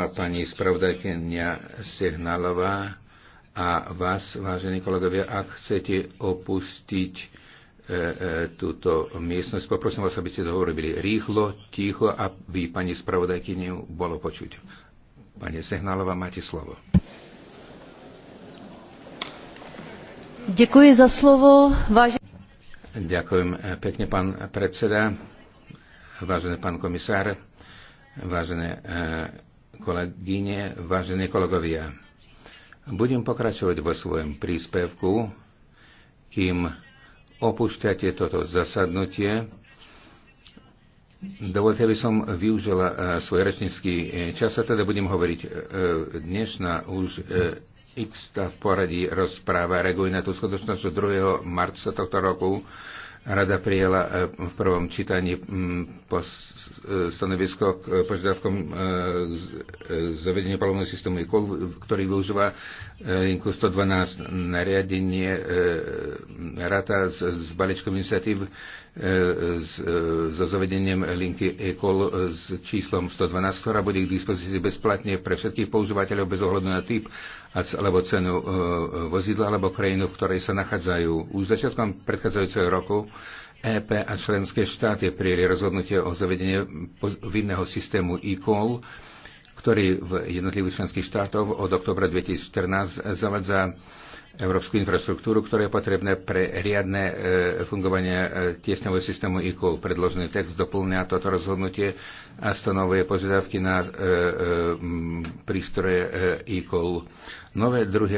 a pani spravodajkenia Sehnalová a vás, vážení kolegovia, ak chcete opustiť e, e, túto miestnosť, poprosím vás, aby ste to hovorili rýchlo, ticho, aby pani spravodajkyňu bolo počuť. Pani Sehnalová, máte slovo. Ďakujem za slovo. Váž... Ďakujem e, pekne, pán predseda, vážený pán komisár, vážené e, kolegyne, vážení kolegovia. Budem pokračovať vo svojom príspevku, kým opúšťate toto zasadnutie. Dovolte, aby som využila e, svoj rečnícky e, čas a teda budem hovoriť. E, dnešná už x v poradí rozpráva reaguje na tú skutočnosť, že 2. marca tohto roku Rada prijela e, v prvom čítaní e, stanovisko k e, požiadavkom zavedenia palovného systému ECOL, ktorý využíva linku 112 nariadenie rata s, s balíčkom iniciatív E, so zavedením linky e-call s číslom 112, ktorá bude k dispozícii bezplatne pre všetkých používateľov bez ohľadu na typ alebo cenu e, vozidla alebo krajinu, v ktorej sa nachádzajú. Už začiatkom predchádzajúceho roku EP a členské štáty prijeli rozhodnutie o zavedenie povinného systému e-call, ktorý v jednotlivých členských štátoch od oktobra 2014 zavadza európsku infraštruktúru, ktorá je potrebná pre riadne e, fungovanie e, tiesňového systému ICOL. Predložený text doplňa toto rozhodnutie a stanovuje požiadavky na e, prístroje ICOL. Nové druhy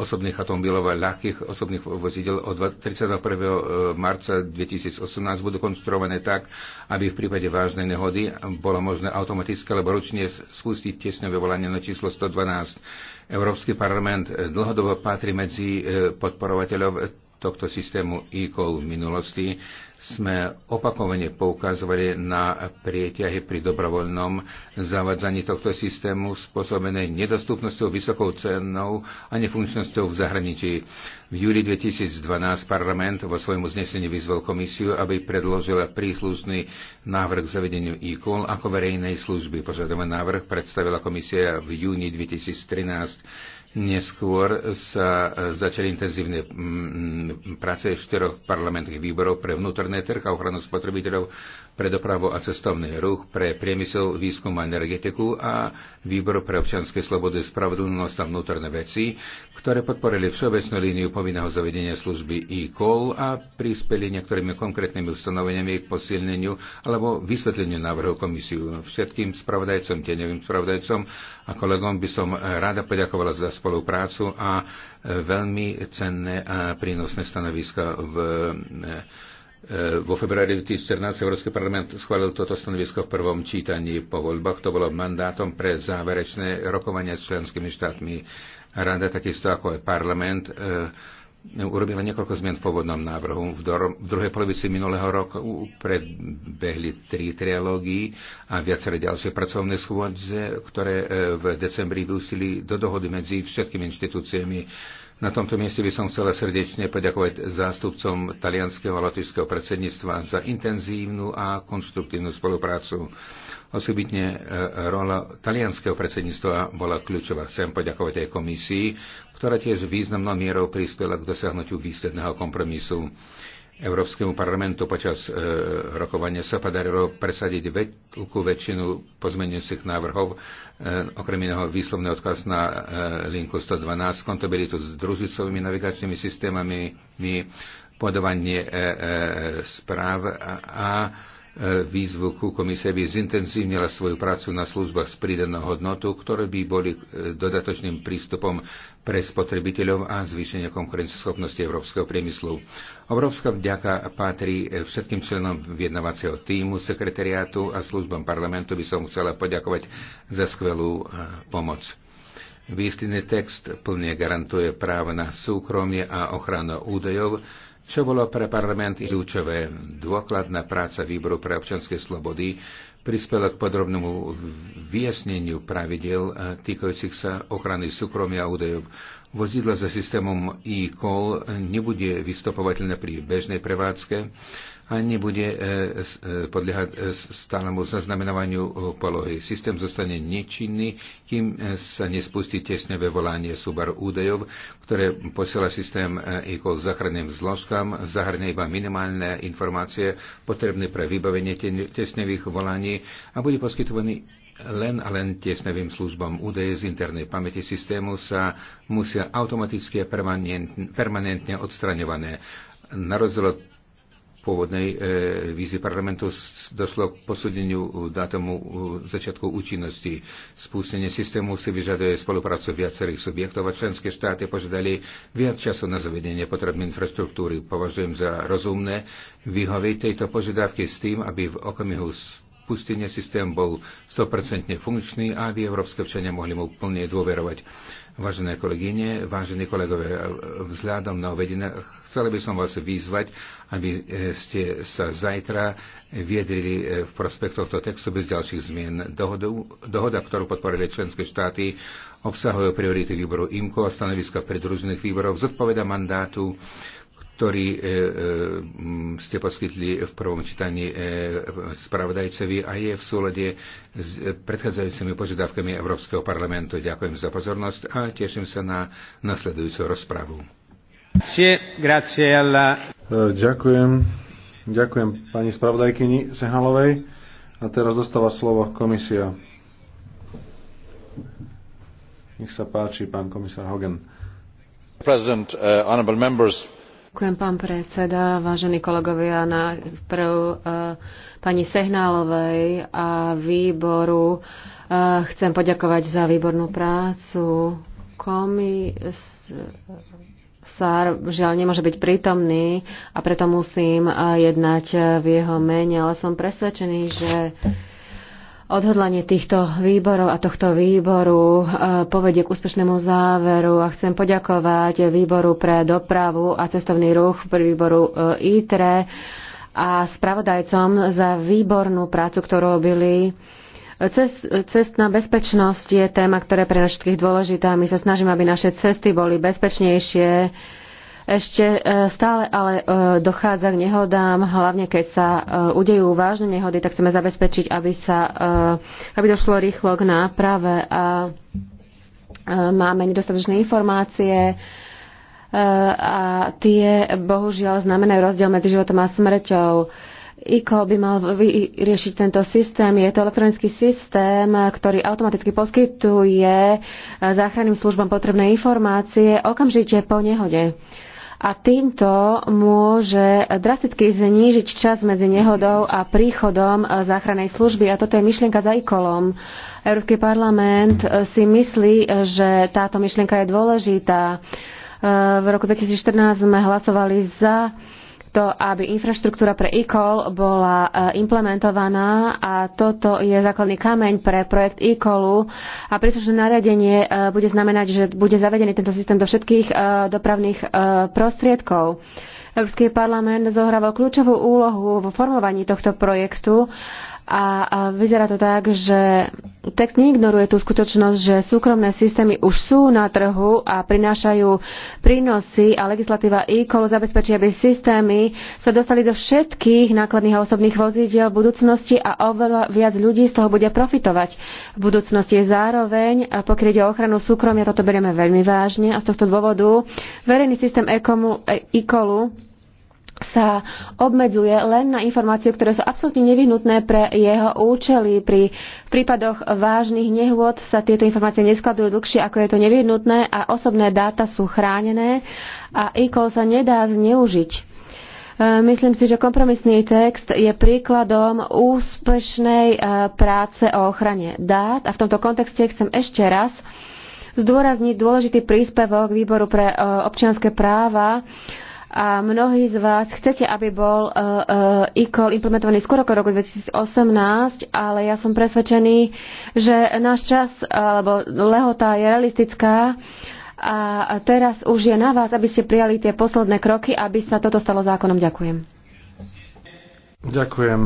osobných automobilov a ľahkých osobných vozidel od 31. marca 2018 budú konstruované tak, aby v prípade vážnej nehody bolo možné automaticky alebo ručne spustiť tiesňové volanie na číslo 112 Európsky parlament eh, dlhodobo patrí medzi eh, podporovateľov tohto systému e-call v minulosti sme opakovane poukazovali na prieťahy pri dobrovoľnom zavadzaní tohto systému spôsobené nedostupnosťou, vysokou cenou a nefunkčnosťou v zahraničí. V júli 2012 parlament vo svojom uznesení vyzval komisiu, aby predložila príslušný návrh k zavedeniu e-call ako verejnej služby. Požadovaný návrh predstavila komisia v júni 2013 Neskôr sa začali intenzívne mm, mm, práce štyroch parlamentných výborov pre vnútorné trh a ochranu spotrebiteľov pre dopravu a cestovný ruch, pre priemysel, výskum a energetiku a Výbor pre občianske slobody, spravodlnosť a vnútorné veci, ktoré podporili všeobecnú líniu povinného zavedenia služby e-call a prispeli niektorými konkrétnymi ustanoveniami k posilneniu alebo vysvetleniu návrhu komisiu. Všetkým spravodajcom, tieňovým spravodajcom a kolegom by som rada poďakovala za spoluprácu a veľmi cenné a prínosné stanoviska v E, vo februári 2014 Európsky parlament schválil toto stanovisko v prvom čítaní po voľbách. To bolo mandátom pre záverečné rokovania s členskými štátmi. Rada takisto ako aj parlament e, urobila niekoľko zmien v pôvodnom návrhu. V, dor- v druhej polovici minulého roku predbehli tri trialógy a viaceré ďalšie pracovné schôdze, ktoré e, v decembri vyústili do dohody medzi všetkými inštitúciami na tomto mieste by som chcela srdečne poďakovať zástupcom talianského a lotišského predsedníctva za intenzívnu a konstruktívnu spoluprácu. Osobitne e, rola talianského predsedníctva bola kľúčová. Chcem poďakovať aj komisii, ktorá tiež významnou mierou prispela k dosiahnutiu výsledného kompromisu. Európskemu parlamentu počas e, rokovania sa podarilo presadiť veľkú väčšinu pozmenujúcich návrhov, e, okrem iného výslovný odkaz na e, linku 112, kontabilitu s družicovými navigačnými systémami, podovanie e, e, správ a, a výzvu ku komisie, aby zintenzívnila svoju prácu na službách s pridanou hodnotou, ktoré by boli e, dodatočným prístupom pre spotrebiteľov a zvýšenie konkurenceschopnosti európskeho priemyslu. Obrovská vďaka patrí e, všetkým členom vyjednávacieho týmu, sekretariátu a službám parlamentu by som chcela poďakovať za skvelú e, pomoc. Výstinný text plne garantuje právo na súkromie a ochranu údajov, čo bolo pre parlament kľúčové? Dôkladná práca výboru pre občanské slobody prispela k podrobnému vyjasneniu pravidel eh, týkajúcich sa ochrany súkromia a údajov. Vozidla za systémom e-call eh, nebude vystupovateľné pri bežnej prevádzke a nebude e, e, podliehať e, stálemu zaznamenávaniu polohy. Systém zostane nečinný, kým sa nespustí tesňové volanie súbar údajov, ktoré posiela systém ECOL zachranným zložkám, zahrne iba minimálne informácie potrebné pre vybavenie tesňových volaní a bude poskytovaný len a len tesnevým službám údaje z internej pamäti systému sa musia automaticky a permanentne, permanentne odstraňované. Na rozdiel od pôvodnej e, vízy parlamentu došlo k posúdeniu e, dátumu e, začiatku účinnosti. Spustenie systému si vyžaduje spoluprácu viacerých subjektov a členské štáty požiadali viac času na zavedenie potrebnej infraštruktúry. Považujem za rozumné vyhoviť tejto požiadavky s tým, aby v okamihu spustenia systém bol 100% funkčný a aby európske občania mohli mu plne dôverovať. Vážené kolegyne, vážení kolegové, vzhľadom na uvedené, chcel by som vás vyzvať, aby eh, ste sa zajtra viedrili eh, v prospech tohto textu bez ďalších zmien. Dohodu, dohoda, ktorú podporili členské štáty, obsahuje priority výboru IMCO a stanoviska predružených výborov, zodpoveda mandátu ktorý e, e, ste poskytli v prvom čítaní e, spravodajcovi a je v súlade s predchádzajúcimi požiadavkami Európskeho parlamentu. Ďakujem za pozornosť a teším sa na nasledujúcu rozpravu. Ďakujem. Ďakujem pani spravodajkyni Sehalovej. A teraz dostáva slovo komisia. Nech sa páči, pán komisár Hogan. President, uh, honorable members, Ďakujem, pán predseda, vážení kolegovia, na prv e, pani Sehnálovej a výboru. E, chcem poďakovať za výbornú prácu. Komisár žiaľ nemôže byť prítomný a preto musím e, jednať v jeho mene, ale som presvedčený, že Odhodlanie týchto výborov a tohto výboru eh, povedie k úspešnému záveru a chcem poďakovať výboru pre dopravu a cestovný ruch pri výboru eh, ITRE a spravodajcom za výbornú prácu, ktorú robili. Cest, cestná bezpečnosť je téma, ktorá je pre nás všetkých dôležitá. My sa snažíme, aby naše cesty boli bezpečnejšie ešte e, stále ale e, dochádza k nehodám, hlavne keď sa e, udejú vážne nehody, tak chceme zabezpečiť, aby, sa, aby došlo rýchlo k náprave a máme nedostatočné informácie a tie bohužiaľ znamenajú rozdiel medzi životom a smrťou. ICO by mal vyriešiť tento systém. Je to elektronický systém, ktorý automaticky poskytuje záchranným službám potrebné informácie okamžite po nehode a týmto môže drasticky znížiť čas medzi nehodou a príchodom e, záchrannej služby. A toto je myšlienka za ikolom. Európsky parlament e, si myslí, e, že táto myšlienka je dôležitá. V roku 2014 sme hlasovali za to, aby infraštruktúra pre e-call bola eh, implementovaná a toto je základný kameň pre projekt e-callu a príslušné nariadenie eh, bude znamenať, že bude zavedený tento systém do všetkých eh, dopravných prostriedkov. Európsky parlament zohrával kľúčovú úlohu vo formovaní tohto projektu a, a vyzerá to tak, že text neignoruje tú skutočnosť, že súkromné systémy už sú na trhu a prinášajú prínosy a legislatíva e-call zabezpečí, aby systémy sa dostali do všetkých nákladných a osobných vozidiel v budúcnosti a oveľa viac ľudí z toho bude profitovať v budúcnosti. Zároveň, pokiaľ ide o ochranu súkromia, toto berieme veľmi vážne a z tohto dôvodu verejný systém e-callu sa obmedzuje len na informácie, ktoré sú absolútne nevyhnutné pre jeho účely. Pri prípadoch vážnych nehôd sa tieto informácie neskladujú dlhšie, ako je to nevyhnutné a osobné dáta sú chránené a e-call sa nedá zneužiť. E, myslím si, že kompromisný text je príkladom úspešnej e, práce o ochrane dát a v tomto kontexte chcem ešte raz zdôrazniť dôležitý príspevok Výboru pre e, občianske práva a mnohí z vás chcete, aby bol uh, e, ICOL e, implementovaný skôr ako roku 2018, ale ja som presvedčený, že náš čas alebo lehota je realistická a teraz už je na vás, aby ste prijali tie posledné kroky, aby sa toto stalo zákonom. Ďakujem. Ďakujem.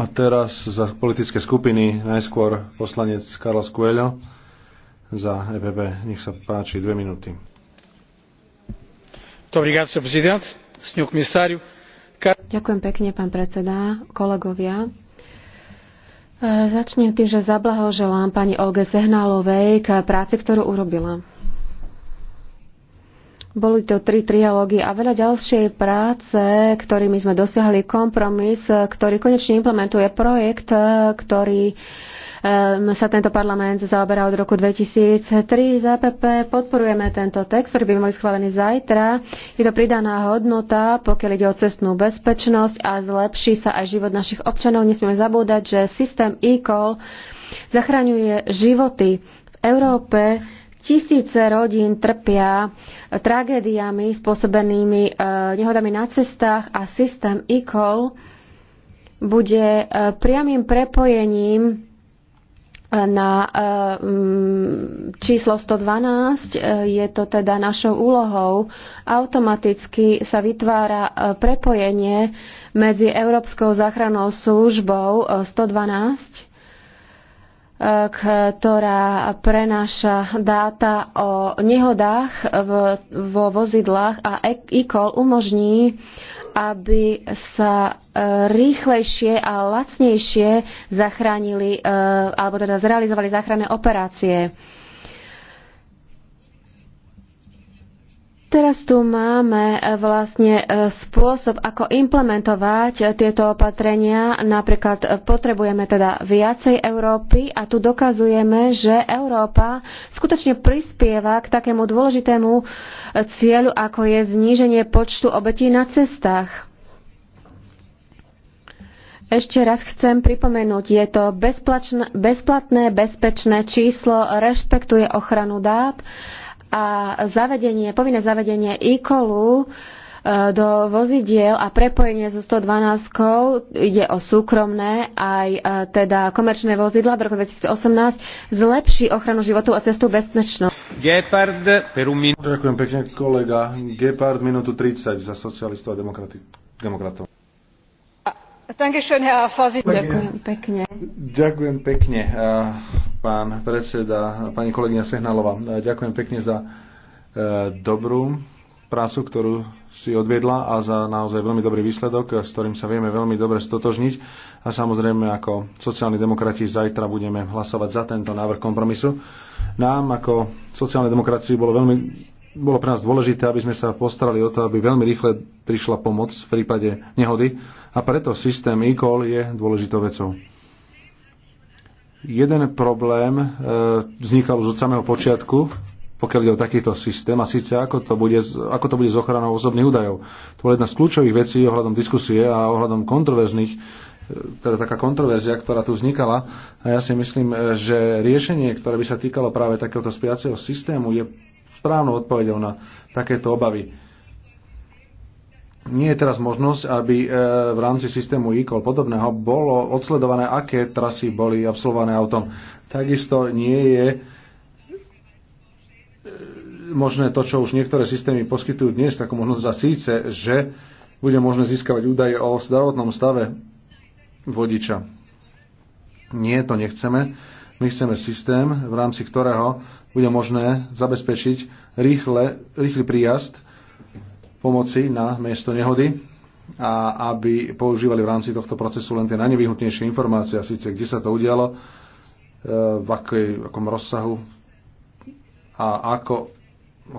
A teraz za politické skupiny najskôr poslanec Karol Coelho za EPP. Nech sa páči, dve minúty. Ďakujem pekne, pán predseda, kolegovia. E, začnem tým, že zablahoželám pani Olge Sehnálovej k práci, ktorú urobila. Boli to tri trialógy a veľa ďalšej práce, ktorými sme dosiahli kompromis, ktorý konečne implementuje projekt, e, ktorý Ehm, sa tento parlament zaoberá od roku 2003. EPP podporujeme tento text, ktorý by mali schválený zajtra. Je to pridaná hodnota, pokiaľ ide o cestnú bezpečnosť a zlepší sa aj život našich občanov. Nesmieme zabúdať, že systém e-call zachraňuje životy. V Európe tisíce rodín trpia tragédiami spôsobenými e, nehodami na cestách a systém e-call bude e, priamým prepojením na eh, mm, číslo 112 eh, je to teda našou úlohou. Automaticky sa vytvára eh, prepojenie medzi Európskou záchrannou službou 112 ktorá prenáša dáta o nehodách vo vozidlách a e umožní aby sa e, rýchlejšie a lacnejšie zachránili, e, alebo teda zrealizovali záchranné operácie Teraz tu máme e, vlastne e, spôsob, ako implementovať e, tieto opatrenia. Napríklad potrebujeme teda viacej Európy a tu dokazujeme, že Európa skutočne prispieva k takému dôležitému cieľu, ako je zníženie počtu obetí na cestách. Ešte raz chcem pripomenúť, je to bezplatné, bezpečné číslo, rešpektuje ochranu dát a zavedenie, povinné zavedenie e do vozidiel a prepojenie so 112 ide o súkromné aj e, teda komerčné vozidla v roku 2018 zlepší ochranu životu a cestu bezpečnosť. Gepard, per Ďakujem pekne kolega. Gepard, minútu 30 za socialistov a demokrati- demokratov. Ďakujem pekne. Ďakujem pekne pán predseda, pani kolegyňa Sehnalova. Ďakujem pekne za e, dobrú prácu, ktorú si odviedla a za naozaj veľmi dobrý výsledok, s ktorým sa vieme veľmi dobre stotožniť. A samozrejme, ako sociálni demokrati zajtra budeme hlasovať za tento návrh kompromisu. Nám ako sociálnej demokracii bolo veľmi bolo pre nás dôležité, aby sme sa postarali o to, aby veľmi rýchle prišla pomoc v prípade nehody a preto systém e-call je dôležitou vecou. Jeden problém e, vznikal už od samého počiatku, pokiaľ ide o takýto systém, a síce ako to bude, ako to bude s ochranou osobných údajov. To bola jedna z kľúčových vecí ohľadom diskusie a ohľadom kontroverzných e, teda taká kontroverzia, ktorá tu vznikala. A ja si myslím, e, že riešenie, ktoré by sa týkalo práve takéhoto spiaceho systému, je správnou odpovedou na takéto obavy nie je teraz možnosť, aby e, v rámci systému e-call podobného bolo odsledované, aké trasy boli absolvované autom. Takisto nie je e, možné to, čo už niektoré systémy poskytujú dnes, takú možnosť a síce, že bude možné získavať údaje o zdravotnom stave vodiča. Nie, to nechceme. My chceme systém, v rámci ktorého bude možné zabezpečiť rýchle, rýchly príjazd pomoci na miesto nehody a aby používali v rámci tohto procesu len tie najnevyhnutnejšie informácie, a síce kde sa to udialo, e, v akej, akom rozsahu a ako,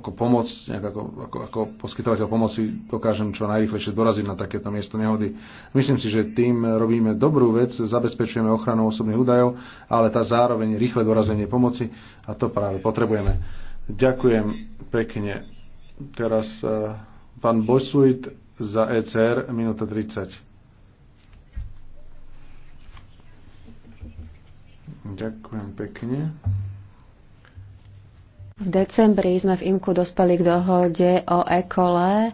ako pomoc, nejak ako, ako, ako poskytovateľ pomoci dokážem čo najrýchlejšie doraziť na takéto miesto nehody. Myslím si, že tým robíme dobrú vec, zabezpečujeme ochranu osobných údajov, ale tá zároveň rýchle dorazenie pomoci a to práve potrebujeme. Ďakujem pekne. Teraz e, Pán Bosuit za ECR, minúta 30. Ďakujem pekne. V decembri sme v IMKU dospeli k dohode o ekole e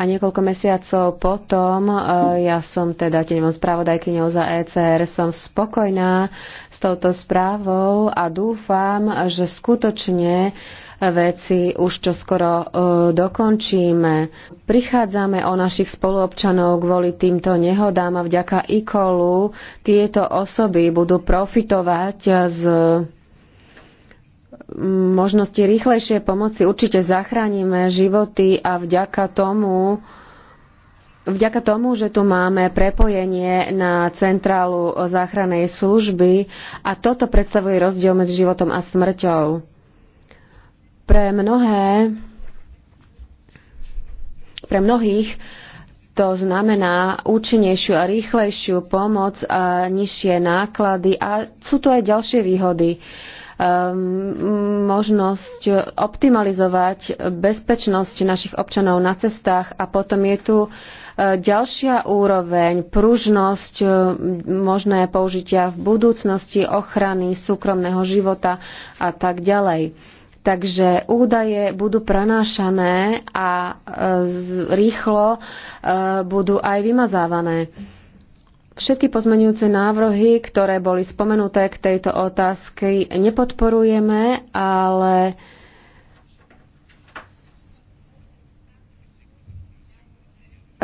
a niekoľko mesiacov potom, e, ja som teda tenom spravodajkyňou za ECR, som spokojná s touto správou a dúfam, že skutočne uh, veci už čo skoro e, dokončíme. Prichádzame o našich spoluobčanov kvôli týmto nehodám a vďaka ikolu tieto osoby budú profitovať z možnosti rýchlejšej pomoci. Určite zachránime životy a vďaka tomu Vďaka tomu, že tu máme prepojenie na centrálu záchrannej služby a toto predstavuje rozdiel medzi životom a smrťou. Pre mnohé, pre mnohých to znamená účinnejšiu a rýchlejšiu pomoc a nižšie náklady a sú tu aj ďalšie výhody. Ehm, možnosť optimalizovať bezpečnosť našich občanov na cestách a potom je tu e, ďalšia úroveň, pružnosť, e, možné použitia v budúcnosti, ochrany súkromného života a tak ďalej. Takže údaje budú prenášané a e, rýchlo e, budú aj vymazávané. Všetky pozmenujúce návrhy, ktoré boli spomenuté k tejto otázke, nepodporujeme, ale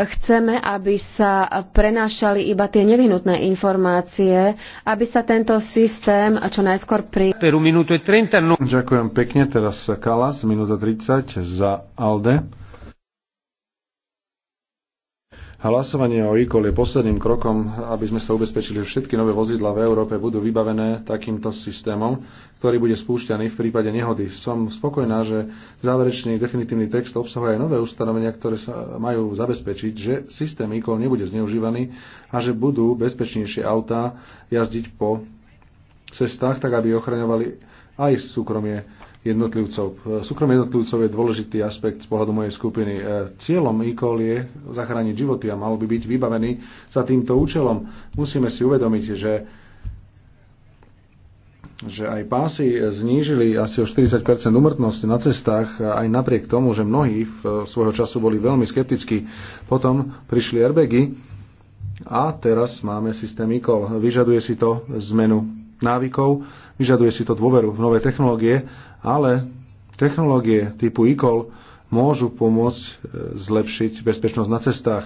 chceme, aby sa prenášali iba tie nevyhnutné informácie, aby sa tento systém čo najskôr pri... E no- Ďakujem pekne, teraz Kalas, minúta 30 za ALDE. Hlasovanie o e-call je posledným krokom, aby sme sa ubezpečili, že všetky nové vozidla v Európe budú vybavené takýmto systémom, ktorý bude spúšťaný v prípade nehody. Som spokojná, že záverečný definitívny text obsahuje aj nové ustanovenia, ktoré sa majú zabezpečiť, že systém e-call nebude zneužívaný a že budú bezpečnejšie autá jazdiť po cestách, tak aby ochraňovali aj súkromie jednotlivcov. Súkrom jednotlivcov je dôležitý aspekt z pohľadu mojej skupiny. E, cieľom e-call je zachrániť životy a mal by byť vybavený za týmto účelom. Musíme si uvedomiť, že že aj pásy znížili asi o 40 umrtnosti na cestách, e, aj napriek tomu, že mnohí v e, svojho času boli veľmi skeptickí. Potom prišli airbagy a teraz máme systém e Vyžaduje si to zmenu návykov, vyžaduje si to dôveru v nové technológie, ale technológie typu e-call môžu pomôcť e, zlepšiť bezpečnosť na cestách.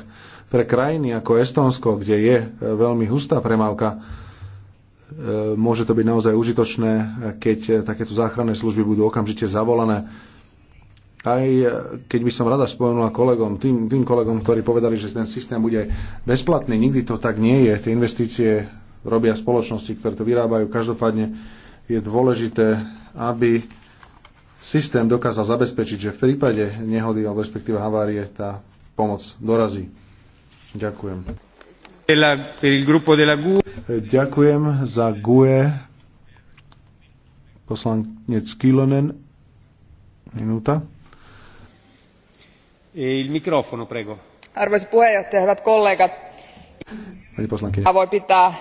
Pre krajiny ako Estónsko, kde je e, veľmi hustá premávka, e, môže to byť naozaj užitočné, keď takéto záchranné služby budú okamžite zavolané. Aj keď by som rada spomenula kolegom, tým, tým kolegom, ktorí povedali, že ten systém bude bezplatný, nikdy to tak nie je. Tie investície robia spoločnosti, ktoré to vyrábajú. Každopádne je dôležité, aby systém dokázal zabezpečiť, že v prípade nehody alebo respektíve havárie tá pomoc dorazí. Ďakujem. E. Ďakujem za GUE poslanec Kilonen. Minúta. E il microfono, prego. Arvoisa puheenjohtaja, hyvät kollegat Pani A voi pitää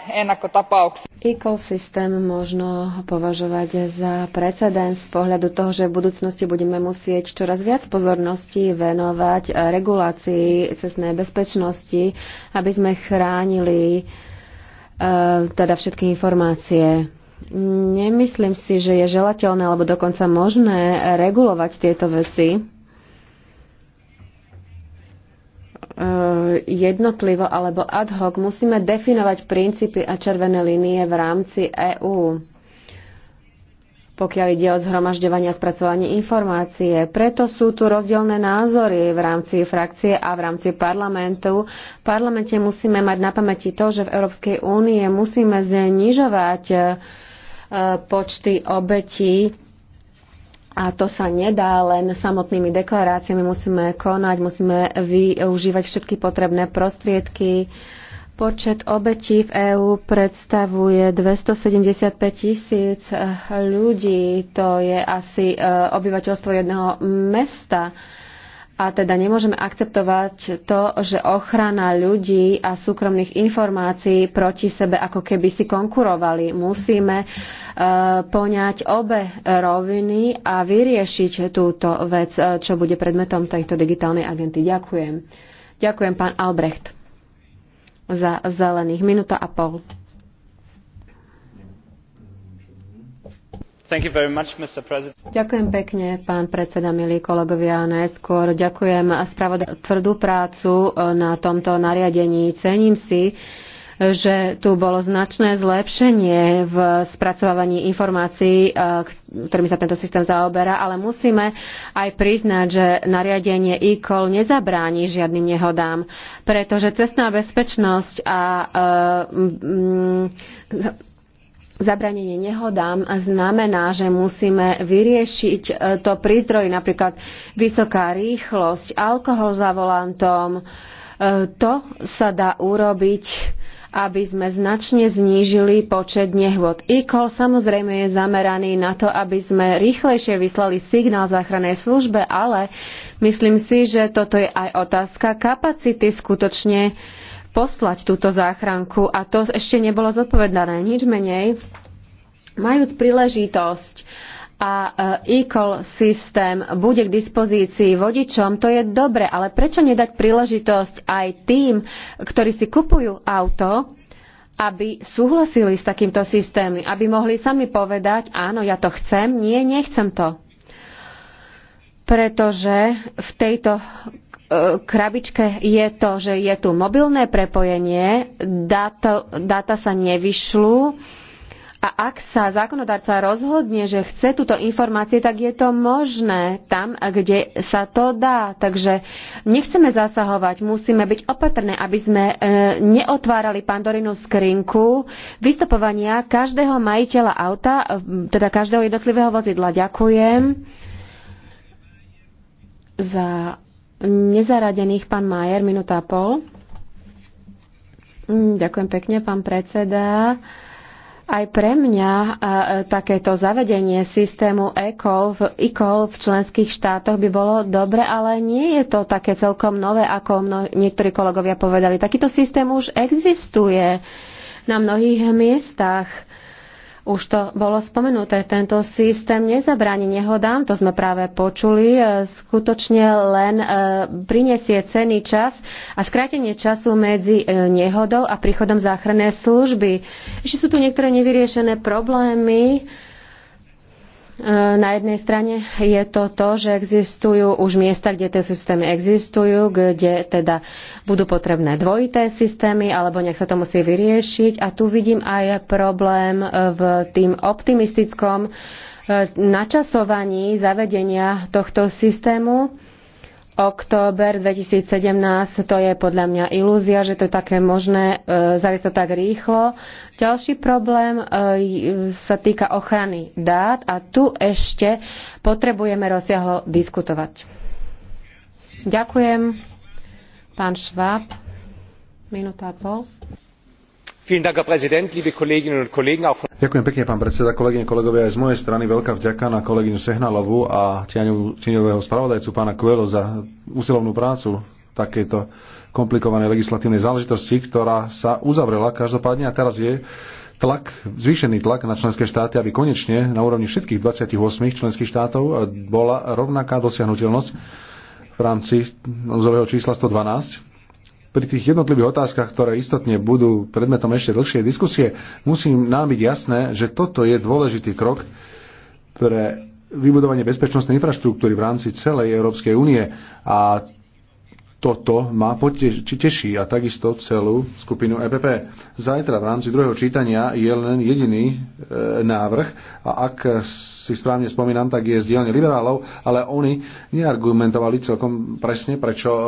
Ecosystem možno považovať za precedens z pohľadu toho, že v budúcnosti budeme musieť čoraz viac pozornosti venovať regulácii cestnej bezpečnosti, aby sme chránili e, teda všetky informácie. Nemyslím si, že je želateľné alebo dokonca možné regulovať tieto veci Eh, jednotlivo alebo ad hoc musíme definovať princípy a červené línie v rámci EÚ pokiaľ ide o zhromažďovanie a spracovanie informácie. Preto sú tu rozdielne názory v rámci frakcie a v rámci parlamentu. V parlamente musíme mať na pamäti to, že v Európskej únie musíme znižovať eh, počty obetí a to sa nedá len samotnými deklaráciami. Musíme konať, musíme využívať všetky potrebné prostriedky. Počet obetí v EÚ predstavuje 275 tisíc ľudí. To je asi e, obyvateľstvo jedného mesta. A teda nemôžeme akceptovať to, že ochrana ľudí a súkromných informácií proti sebe ako keby si konkurovali. Musíme e, poňať obe roviny a vyriešiť túto vec, e, čo bude predmetom tejto digitálnej agenty. Ďakujem. Ďakujem pán Albrecht za zelených minúta a pol. ďakujem pekne, pán predseda, milí kolegovia. Najskôr ďakujem spravodaj tvrdú prácu e, na tomto nariadení. Cením si, že tu bolo značné zlepšenie v spracovávaní informácií, e, ktorými sa tento systém zaoberá, ale musíme aj priznať, že nariadenie e-call nezabráni žiadnym nehodám, pretože cestná bezpečnosť a e, zabranenie nehodám znamená, že musíme vyriešiť e, to prízdroj, napríklad vysoká rýchlosť, alkohol za volantom. E, to sa dá urobiť, aby sme značne znížili počet nehôd. E-call samozrejme je zameraný na to, aby sme rýchlejšie vyslali signál záchrannej službe, ale myslím si, že toto je aj otázka kapacity skutočne poslať túto záchranku a to ešte nebolo zodpovedané. Nič menej, majúc príležitosť a e, e-call systém bude k dispozícii vodičom, to je dobre, ale prečo nedať príležitosť aj tým, ktorí si kupujú auto, aby súhlasili s takýmto systémom, aby mohli sami povedať, áno, ja to chcem, nie, nechcem to. Pretože v tejto E, krabičke je to, že je tu mobilné prepojenie, dáta, dáta sa nevyšľú a ak sa zákonodarca rozhodne, že chce túto informácie, tak je to možné tam, kde sa to dá. Takže nechceme zasahovať, musíme byť opatrné, aby sme e, neotvárali pandorinu skrinku vystupovania každého majiteľa auta, e, teda každého jednotlivého vozidla. Ďakujem za nezaradených pán Majer, minúta a pol. Mm, ďakujem pekne, pán predseda. Aj pre mňa a, takéto zavedenie systému ECOL v, ECOL v členských štátoch by bolo dobre, ale nie je to také celkom nové, ako mno, niektorí kolegovia povedali. Takýto systém už existuje na mnohých miestach už to bolo spomenuté, tento systém nezabráni nehodám, to sme práve počuli, e, skutočne len e, prinesie cený čas a skrátenie času medzi e, nehodou a príchodom záchrannej služby. Ešte sú tu niektoré nevyriešené problémy, E, na jednej strane je to to, že existujú už miesta, kde tie systémy existujú, kde teda budú potrebné dvojité systémy, alebo nejak sa to musí vyriešiť. A tu vidím aj problém v tým optimistickom e, načasovaní zavedenia tohto systému október 2017, to je podľa mňa ilúzia, že to je také možné e, zaviesť to tak rýchlo. Ďalší problém e, sa týka ochrany dát a tu ešte potrebujeme rozsiahlo diskutovať. Ďakujem. Pán Šváb, minúta a pol. Ďakujem pekne, pán predseda, kolegyne, kolegovia. Aj z mojej strany veľká vďaka na kolegyňu Sehnalovú a tieňového spravodajcu pána Kuelo za úsilovnú prácu takéto komplikovanej legislatívnej záležitosti, ktorá sa uzavrela každopádne a teraz je tlak, zvýšený tlak na členské štáty, aby konečne na úrovni všetkých 28 členských štátov bola rovnaká dosiahnutelnosť v rámci núzového čísla 112 pri tých jednotlivých otázkach, ktoré istotne budú predmetom ešte dlhšej diskusie, musí nám byť jasné, že toto je dôležitý krok pre vybudovanie bezpečnostnej infraštruktúry v rámci celej Európskej únie a toto ma teší a takisto celú skupinu EPP. Zajtra v rámci druhého čítania je len jediný e, návrh a ak si správne spomínam, tak je z dielne liberálov, ale oni neargumentovali celkom presne, prečo e,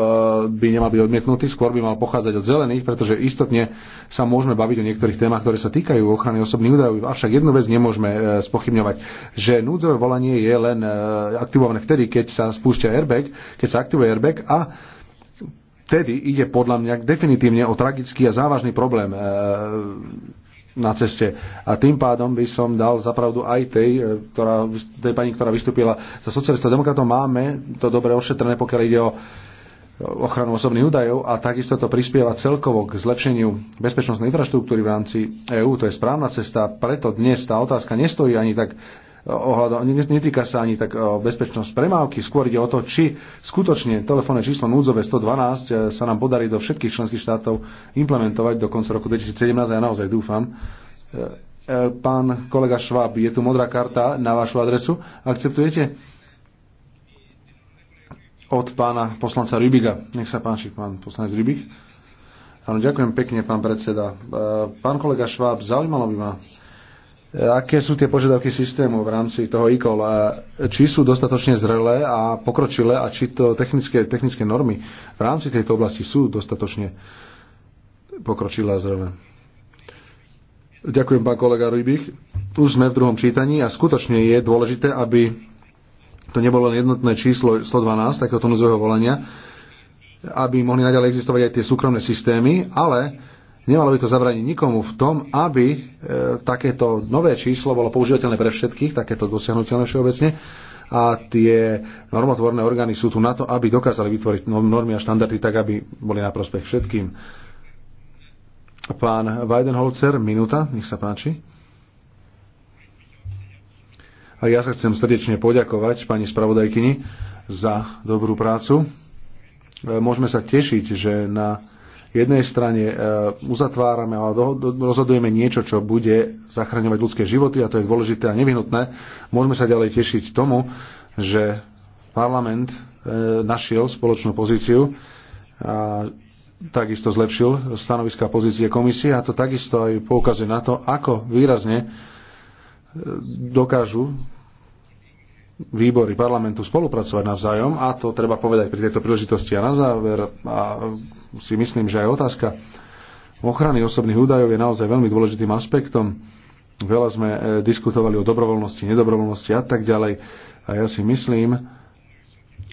by nemal byť odmietnutý, skôr by mal pochádzať od zelených, pretože istotne sa môžeme baviť o niektorých témach, ktoré sa týkajú ochrany osobných údajov, avšak jednu vec nemôžeme e, spochybňovať, že núdzové volanie je len e, aktivované vtedy, keď sa spúšťa airbag, keď sa aktivuje airbag a vtedy ide podľa mňa definitívne o tragický a závažný problém e, na ceste. A tým pádom by som dal zapravdu aj tej, e, ktorá, tej pani, ktorá vystúpila za socialista demokratov. Máme to dobre ošetrené, pokiaľ ide o ochranu osobných údajov a takisto to prispieva celkovo k zlepšeniu bezpečnostnej infraštruktúry v rámci EÚ. To je správna cesta, preto dnes tá otázka nestojí ani tak ohľadom, netýka sa ani tak e, bezpečnosť premávky, skôr ide o to, či skutočne telefónne číslo núdzové 112 e, sa nám podarí do všetkých členských štátov implementovať do konca roku 2017 a ja naozaj dúfam. E, pán kolega Šváb, je tu modrá karta na vašu adresu. Akceptujete? Od pána poslanca Rybiga. Nech sa páči, pán poslanec Rybik. Áno, ďakujem pekne, pán predseda. Pán kolega Šváb, zaujímalo by ma, E, aké sú tie požiadavky systému v rámci toho e a či sú dostatočne zrelé a pokročilé a či to technické, technické normy v rámci tejto oblasti sú dostatočne pokročilé a zrelé. Ďakujem, pán kolega Rybich. Už sme v druhom čítaní a skutočne je dôležité, aby to nebolo len jednotné číslo 112 takéhoto núzového volania, aby mohli naďalej existovať aj tie súkromné systémy, ale Nemalo by to zabraniť nikomu v tom, aby e, takéto nové číslo bolo použiteľné pre všetkých, takéto dosiahnutelné všeobecne, a tie normotvorné orgány sú tu na to, aby dokázali vytvoriť no-, normy a štandardy tak, aby boli na prospech všetkým. Pán Weidenholzer, minúta, nech sa páči. A ja sa chcem srdečne poďakovať pani spravodajkyni za dobrú prácu. E, môžeme sa tešiť, že na jednej strane e, uzatvárame a rozhodujeme niečo, čo bude zachraňovať ľudské životy a to je dôležité a nevyhnutné, môžeme sa ďalej tešiť tomu, že parlament e, našiel spoločnú pozíciu a takisto zlepšil stanoviská pozície komisie a to takisto aj poukazuje na to, ako výrazne e, dokážu výbory parlamentu spolupracovať navzájom a to treba povedať pri tejto príležitosti. A na záver a si myslím, že aj otázka ochrany osobných údajov je naozaj veľmi dôležitým aspektom. Veľa sme e, diskutovali o dobrovoľnosti, nedobrovoľnosti a tak ďalej. A ja si myslím,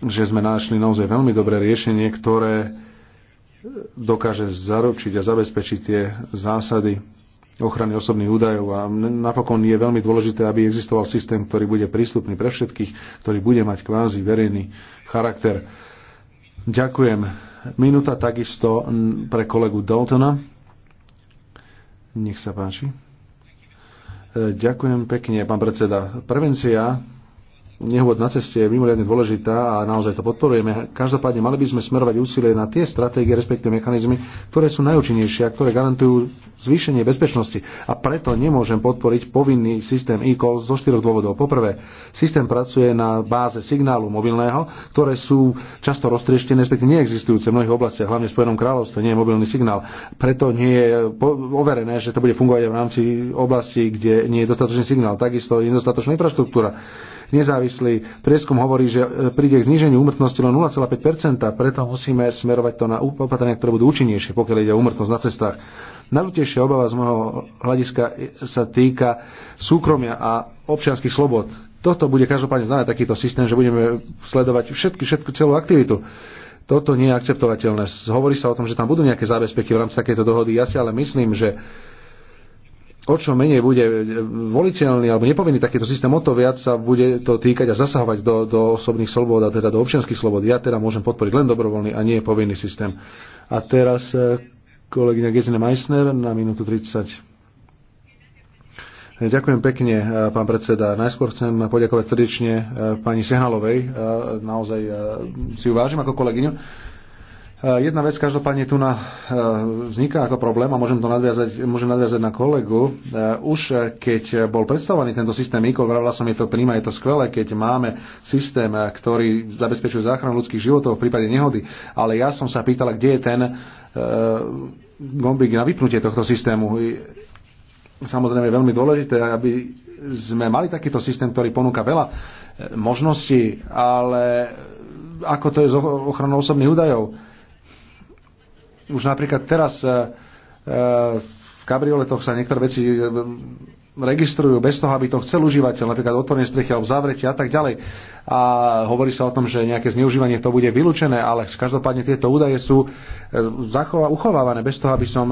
že sme našli naozaj veľmi dobré riešenie, ktoré dokáže zaručiť a zabezpečiť tie zásady ochrany osobných údajov a napokon je veľmi dôležité, aby existoval systém, ktorý bude prístupný pre všetkých, ktorý bude mať kvázi verejný charakter. Ďakujem. Minúta takisto pre kolegu Daltona. Nech sa páči. E, ďakujem pekne, pán predseda. Prevencia nehôd na ceste je mimoriadne dôležitá a naozaj to podporujeme. Každopádne mali by sme smerovať úsilie na tie stratégie, respektíve mechanizmy, ktoré sú najúčinnejšie a ktoré garantujú zvýšenie bezpečnosti. A preto nemôžem podporiť povinný systém e-call zo štyroch dôvodov. Poprvé, systém pracuje na báze signálu mobilného, ktoré sú často roztrieštené, respektíve neexistujúce v mnohých oblastiach, hlavne v Spojenom kráľovstve nie je mobilný signál. Preto nie je overené, že to bude fungovať aj v rámci oblasti, kde nie je dostatočný signál. Takisto je nedostatočná infraštruktúra nezávislý prieskum hovorí, že e, príde k zniženiu úmrtnosti len 0,5%, preto musíme smerovať to na opatrenia, ktoré budú účinnejšie, pokiaľ ide o úmrtnosť na cestách. Najľutejšia obava z môjho hľadiska e, sa týka súkromia a občianských slobod. Toto bude každopádne znamená takýto systém, že budeme sledovať všetky, všetku celú aktivitu. Toto nie je akceptovateľné. Hovorí sa o tom, že tam budú nejaké zábezpeky v rámci takéto dohody. Ja si ale myslím, že o čo menej bude voliteľný alebo nepovinný takýto systém, o to viac sa bude to týkať a zasahovať do, do osobných slobod a teda do občianských slobod. Ja teda môžem podporiť len dobrovoľný a nie povinný systém. A teraz eh, kolegyňa Gezine Meissner na minútu 30. Eh, ďakujem pekne, eh, pán predseda. Najskôr chcem poďakovať srdečne pani Sehnalovej. Naozaj si ju vážim ako kolegyňu Eh, jedna vec každopádne tu na, eh, vzniká ako problém a môžem to nadviazať, môžem nadviazať na kolegu. Eh, už keď bol predstavovaný tento systém ICO, vravila som, je to príma, je to skvelé, keď máme systém, ktorý zabezpečuje záchranu ľudských životov v prípade nehody, ale ja som sa pýtala, kde je ten gombík na vypnutie tohto systému samozrejme je veľmi dôležité, aby sme mali takýto systém, ktorý ponúka veľa možností, ale ako to je s ochranou osobných údajov? už napríklad teraz e, e, v kabrioletoch sa niektoré veci e, registrujú bez toho, aby to chcel užívateľ, napríklad otvorenie strechy alebo zavretie a tak ďalej. A hovorí sa o tom, že nejaké zneužívanie to bude vylúčené, ale každopádne tieto údaje sú zachová, uchovávané bez toho, aby som,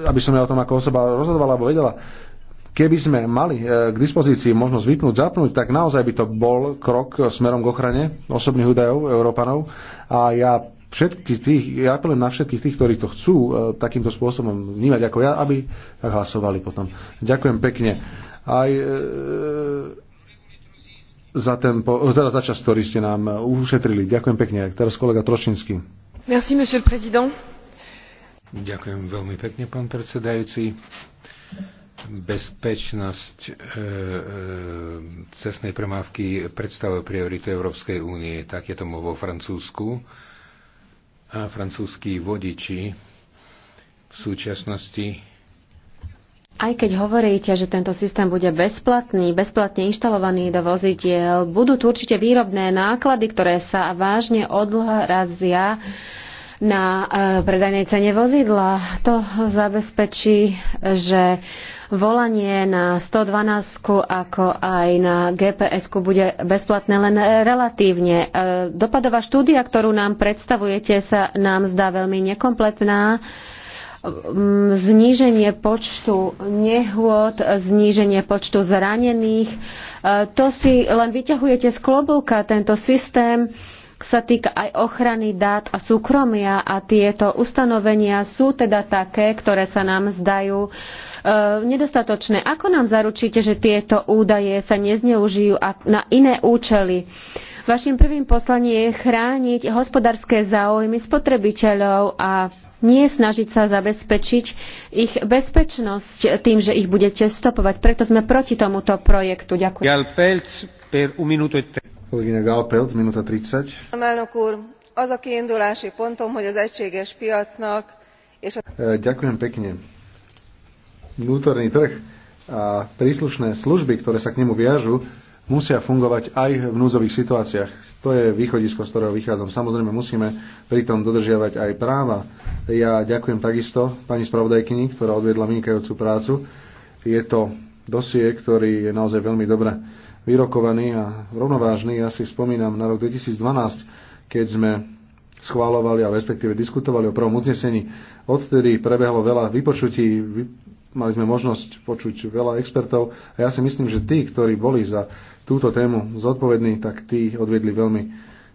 aby som ja o tom ako osoba rozhodovala alebo vedela. Keby sme mali k dispozícii možnosť vypnúť, zapnúť, tak naozaj by to bol krok smerom k ochrane osobných údajov Európanov. A ja všetci tých, ja apelujem na všetkých tých, ktorí to chcú e, takýmto spôsobom vnímať ako ja, aby tak hlasovali potom. Ďakujem pekne. Aj e, za ten, po, teda za čas, ktorý ste nám e, ušetrili. Ďakujem pekne. Teraz kolega Trošinský. Merci, monsieur le président. Ďakujem veľmi pekne, pán predsedajúci. Bezpečnosť e, e, cestnej premávky predstavuje prioritu Európskej únie. Tak je tomu vo Francúzsku. E, a francúzskí vodiči v súčasnosti. Aj keď hovoríte, že tento systém bude bezplatný, bezplatne inštalovaný do vozidiel, budú tu určite výrobné náklady, ktoré sa vážne odrazia na e, predajnej cene vozidla. To zabezpečí, že volanie na 112 ako aj na gps bude bezplatné len relatívne. E, dopadová štúdia, ktorú nám predstavujete, sa nám zdá veľmi nekompletná mm, zníženie počtu nehôd, zníženie počtu zranených. E, to si len vyťahujete z klobúka. Tento systém sa týka aj ochrany dát a súkromia a tieto ustanovenia sú teda také, ktoré sa nám zdajú uh, Eh, nedostatočné. Ako nám zaručíte, že tieto údaje sa nezneužijú na iné účely? Vašim prvým poslaním je chrániť hospodárske záujmy spotrebiteľov a nie snažiť sa zabezpečiť ich bezpečnosť tým, že ich budete stopovať. Preto sme proti tomuto projektu. Ďakujem. Galpelc, per un e Kolegyňa Galpelc, minúta 30. Elnök úr, az a kiindulási pontom, hogy az egységes piacnak és a... Eh, ďakujem pekne vnútorný trh a príslušné služby, ktoré sa k nemu viažu, musia fungovať aj v núzových situáciách. To je východisko, z ktorého vychádzam. Samozrejme, musíme pritom dodržiavať aj práva. Ja ďakujem takisto pani spravodajkyni, ktorá odvedla vynikajúcu prácu. Je to dosie, ktorý je naozaj veľmi dobre vyrokovaný a rovnovážny. Ja si spomínam na rok 2012, keď sme schválovali a respektíve diskutovali o prvom uznesení. Odtedy prebehlo veľa vypočutí, mali sme možnosť počuť veľa expertov a ja si myslím, že tí, ktorí boli za túto tému zodpovední, tak tí odvedli veľmi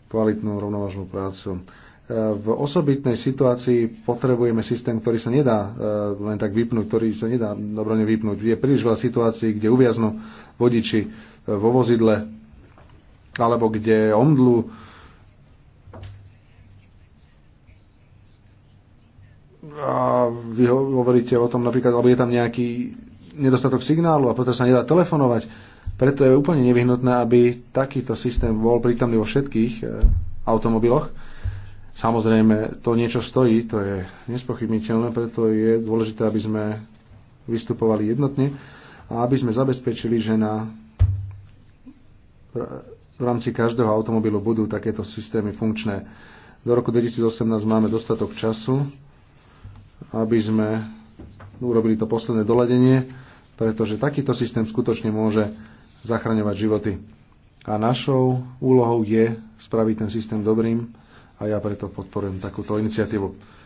kvalitnú rovnovážnu prácu. E, v osobitnej situácii potrebujeme systém, ktorý sa nedá e, len tak vypnúť, ktorý sa nedá dobrovoľne vypnúť. Je príliš veľa situácií, kde uviaznú vodiči e, vo vozidle alebo kde omdlu a vy hovoríte o tom napríklad, alebo je tam nejaký nedostatok signálu a preto sa nedá telefonovať. Preto je úplne nevyhnutné, aby takýto systém bol prítomný vo všetkých e, automobiloch. Samozrejme, to niečo stojí, to je nespochybniteľné, preto je dôležité, aby sme vystupovali jednotne a aby sme zabezpečili, že na v rámci každého automobilu budú takéto systémy funkčné. Do roku 2018 máme dostatok času aby sme urobili to posledné doladenie, pretože takýto systém skutočne môže zachraňovať životy. A našou úlohou je spraviť ten systém dobrým a ja preto podporujem takúto iniciatívu.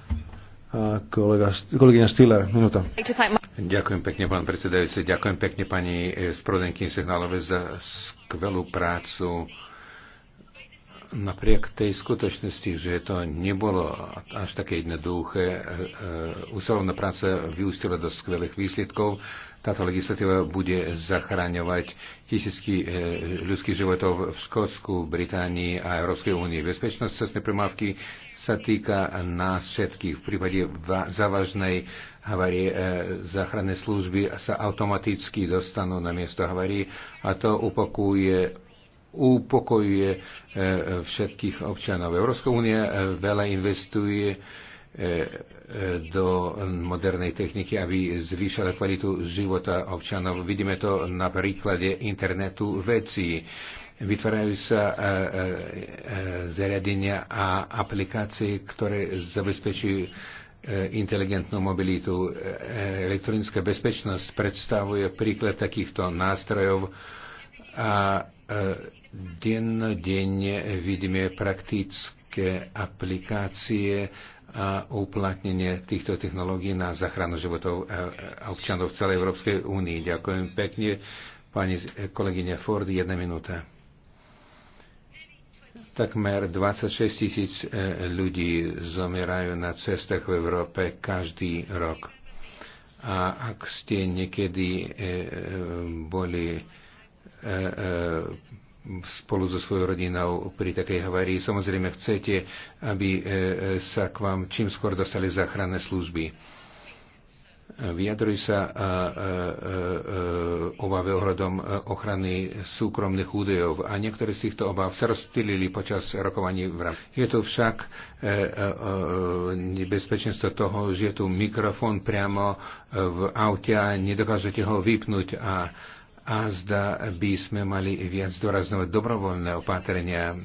A kolega, kolegyňa Stiller, minúta. Ďakujem pekne, pán predsedajúci. Ďakujem pekne pani Sprodenkin Signálove za skvelú prácu Napriek tej skutočnosti, že to nebolo až také jednoduché, úsilovná e, e, práca vyústila do skvelých výsledkov. Táto legislatíva bude zachraňovať tisícky e, ľudských životov v Škótsku, Británii a Európskej únii. Bezpečnosť cestnej premávky sa týka nás všetkých. V prípade závažnej havarie záchranné služby sa automaticky dostanú na miesto havárie a to upokuje upokojuje e, všetkých občanov. Európska únia e, veľa investuje e, do modernej techniky, aby zvýšala kvalitu života občanov. Vidíme to na príklade internetu vecí. Vytvárajú sa zariadenia a aplikácie, ktoré zabezpečujú inteligentnú mobilitu. Elektronická bezpečnosť predstavuje príklad takýchto nástrojov a Dennodenne vidíme praktické aplikácie a uplatnenie týchto technológií na zachranu životov a e, e, občanov v celej Európskej únii. Ďakujem pekne. Pani kolegyňa Ford, jedna minúta. Takmer 26 tisíc e, ľudí zomierajú na cestách v Európe každý rok. A ak ste niekedy boli spolu so svojou rodinou pri takej havárii. Samozrejme chcete, aby e, e, sa k vám čím skôr dostali záchranné služby. Vyjadruj sa e, obave ohľadom ochrany súkromných údajov a niektoré z týchto obav sa rozptýlili počas rokovaní v rámci. Je tu však nebezpečenstvo toho, že je tu mikrofón priamo v aute a nedokážete ho vypnúť a a zda by sme mali viac doraznovať dobrovoľné opatrenia.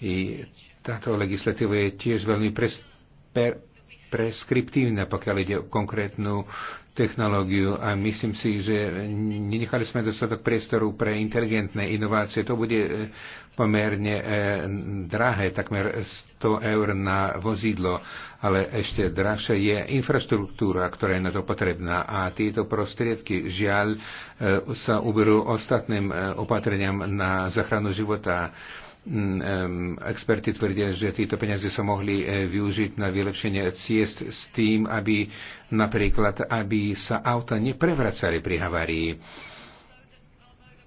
I táto legislatíva je tiež veľmi pres, per, preskriptívna, pokiaľ ide o konkrétnu technológiu a myslím si, že nenechali sme dostatok priestoru pre inteligentné inovácie. To bude e, pomerne e, drahé, takmer 100 eur na vozidlo, ale ešte drahšia je infraštruktúra, ktorá je na to potrebná a tieto prostriedky žiaľ e, sa uberú ostatným opatreniam na zachranu života Mm, experti tvrdia, že tieto peniaze sa mohli e, využiť na vylepšenie ciest s tým, aby napríklad, aby sa auta neprevracali pri havárii.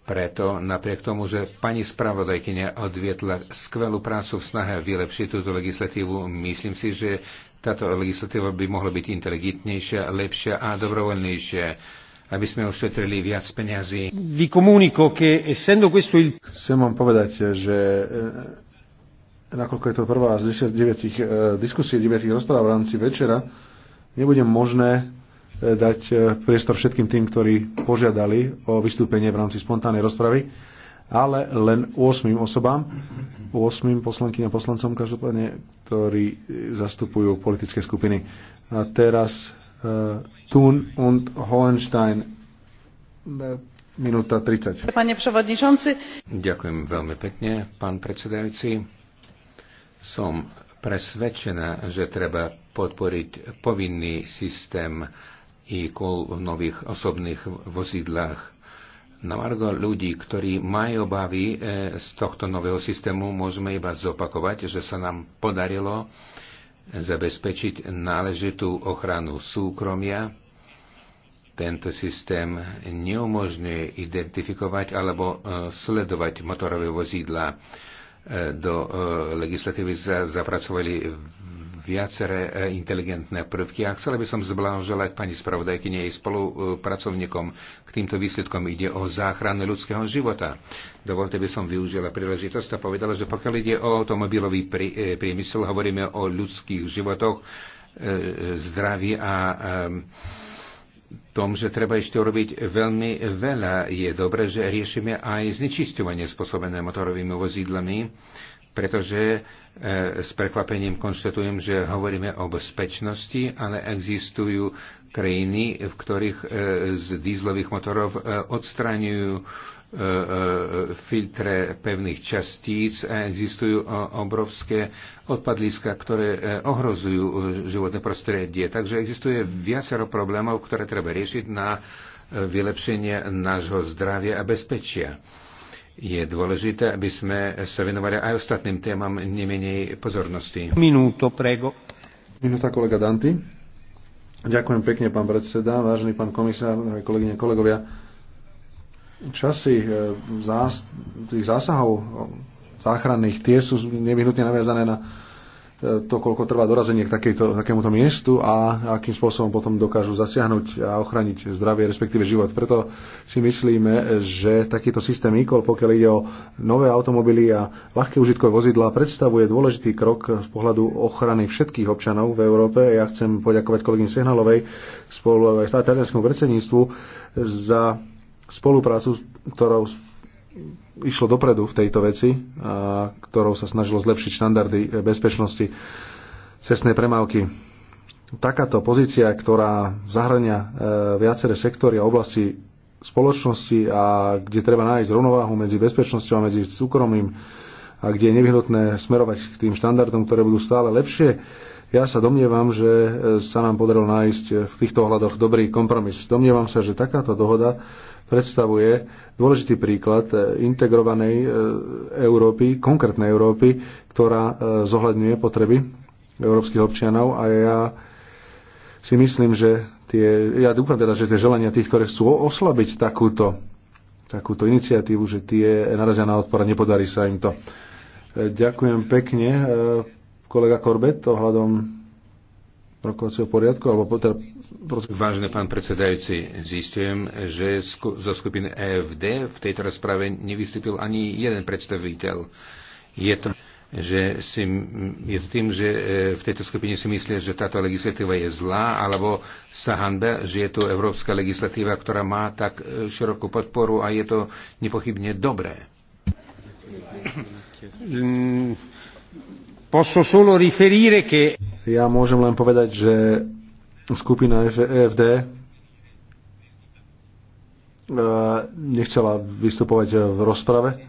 Preto, napriek tomu, že pani spravodajkynia odvietla skvelú prácu v snahe vylepšiť túto legislatívu, myslím si, že táto legislatíva by mohla byť inteligentnejšia, lepšia a dobrovoľnejšia aby sme ošetrili viac peňazí. Vi comunico che essendo questo il... Chcem vám povedať, že eh, nakoľko je to prvá z 9 diskusí, 9 rozpráv v rámci večera, nebude možné eh, dať eh, priestor všetkým tým, ktorí požiadali o vystúpenie v rámci spontánnej rozpravy, ale len 8 osobám, 8 poslankyň a poslancom každopádne, ktorí zastupujú politické skupiny. A teraz Eh, Thun und Hohenstein. Minúta 30. Pane prevodničonci. Ďakujem veľmi pekne, pán predsedajúci. Som presvedčená, že treba podporiť povinný systém e-call v nových osobných vozidlách. Na margo ľudí, ktorí majú obavy eh, z tohto nového systému, môžeme iba zopakovať, že sa nám podarilo zabezpečiť náležitú ochranu súkromia. Tento systém neumožňuje identifikovať alebo e, sledovať motorové vozidla. E, do e, legislatívy zapracovali viaceré e, inteligentné prvky a chcela by som zblahoželať pani spravodajkyne jej spolupracovníkom. K týmto výsledkom ide o záchranu ľudského života. Dovolte by som využila príležitosť a povedala, že pokiaľ ide o automobilový e, priemysel, hovoríme o ľudských životoch, e, zdraví a tom, že treba ešte urobiť veľmi veľa. Je dobré, že riešime aj znečisťovanie spôsobené motorovými vozidlami pretože e, s prekvapením konštatujem, že hovoríme o bezpečnosti, ale existujú krajiny, v ktorých e, z dízlových motorov e, odstraňujú filtre pevných častíc a existujú obrovské odpadliska, ktoré ohrozujú životné prostredie. Takže existuje viacero problémov, ktoré treba riešiť na vylepšenie nášho zdravia a bezpečia. Je dôležité, aby sme sa venovali aj ostatným témam nemenej pozornosti. Minúto, prego. Minúta, kolega Danty. Ďakujem pekne, pán predseda, vážený pán komisár, kolegyne, kolegovia. Časy e, zás, tých zásahov e, záchranných tie sú nevyhnutne naviazané na to, koľko trvá dorazenie k takejto, takémuto miestu a akým spôsobom potom dokážu zasiahnuť a ochraniť zdravie, respektíve život. Preto si myslíme, že takýto systém e-call, pokiaľ ide o nové automobily a ľahké užitkové vozidla, predstavuje dôležitý krok z pohľadu ochrany všetkých občanov v Európe. Ja chcem poďakovať kolegyni Sehnalovej spolu aj teda predsedníctvu za spoluprácu, ktorou išlo dopredu v tejto veci, a, ktorou sa snažilo zlepšiť štandardy bezpečnosti cestnej premávky. Takáto pozícia, ktorá zahrania e, viaceré sektory a oblasti spoločnosti a kde treba nájsť rovnováhu medzi bezpečnosťou a medzi súkromným a kde je nevyhnutné smerovať k tým štandardom, ktoré budú stále lepšie, ja sa domnievam, že e, sa nám podarilo nájsť e, v týchto ohľadoch dobrý kompromis. Domnievam sa, že takáto dohoda predstavuje dôležitý príklad e, integrovanej Európy, konkrétnej Európy, ktorá zohľadňuje potreby európskych občianov a ja si myslím, že tie, ja dúfam teda, že tie želania tých, ktoré chcú oslabiť takúto, takúto iniciatívu, že tie narazia na odpor a nepodarí sa im to. Ďakujem pekne kolega Korbet ohľadom rokovacieho poriadku, alebo teda Vážne pán predsedajúci, zistujem, že zo skupiny EFD v tejto rozprave nevystúpil ani jeden predstaviteľ. Je to, že si, je to tým, že e, v tejto skupine si myslia, že táto legislatíva je zlá, alebo sa handa, že je to európska legislatíva, ktorá má tak e, širokú podporu a je to nepochybne dobré. Mm, Posso solo riferire che... Ja môžem len povedať, že skupina EFD eh, nechcela vystupovať v rozprave. Eh,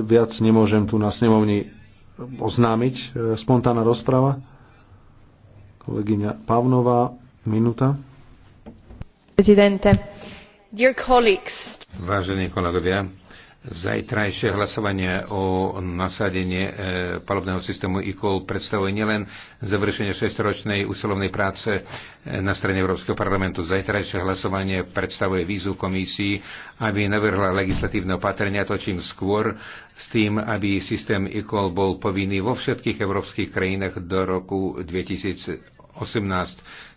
viac nemôžem tu na snemovni oznámiť. Eh, spontánna rozprava. Kolegyňa Pavnová, minúta. Prezidente, dear colleagues. Vážení kolegovia, Zajtrajšie hlasovanie o nasadenie e, palobného systému ICOL predstavuje nielen završenie šestročnej úsilovnej práce e, na strane Európskeho parlamentu. Zajtrajšie hlasovanie predstavuje vízu komisii, aby navrhla legislatívne opatrenia to čím skôr s tým, aby systém ICOL bol povinný vo všetkých európskych krajinách do roku 2018.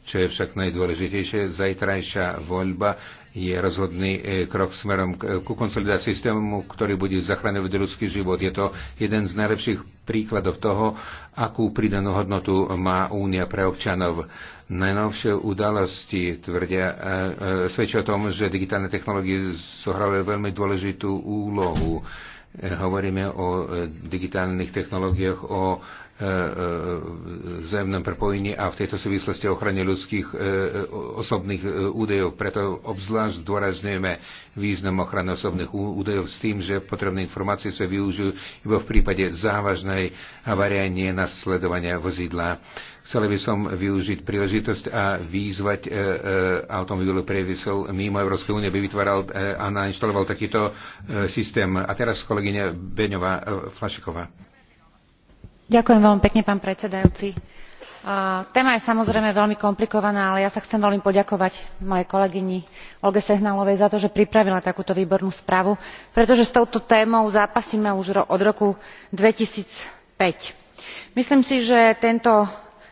Čo je však najdôležitejšie, zajtrajšia voľba je rozhodný e, krok smerom e, ku konsolidácii systému, ktorý bude zachraňovať ľudský život. Je to jeden z najlepších príkladov toho, akú pridanú hodnotu má Únia pre občanov. Najnovšie udalosti tvrdia, e, svedčia o tom, že digitálne technológie zohrávajú veľmi dôležitú úlohu hovoríme o e, digitálnych technológiách, o e, e, zemnom prepojení a v tejto súvislosti ochrane ľudských osobných údajov. Preto obzvlášť zdôrazňujeme význam ochrany osobných údajov s tým, že potrebné informácie sa využijú iba v prípade závažnej avariánie nasledovania vozidla. Chcel by som využiť príležitosť a výzvať e, e, automobilový priemysel mimo Európskej únie, by vytváral e, a nainštaloval takýto e, systém. A teraz kolegyňa Beňová e, Flašiková. Ďakujem veľmi pekne, pán predsedajúci. A, e, téma je samozrejme veľmi komplikovaná ale ja sa chcem veľmi poďakovať mojej kolegyni olge sehnalovej za to že pripravila takúto výbornú správu pretože s touto témou zápasíme už od roku. 2005. myslím si že tento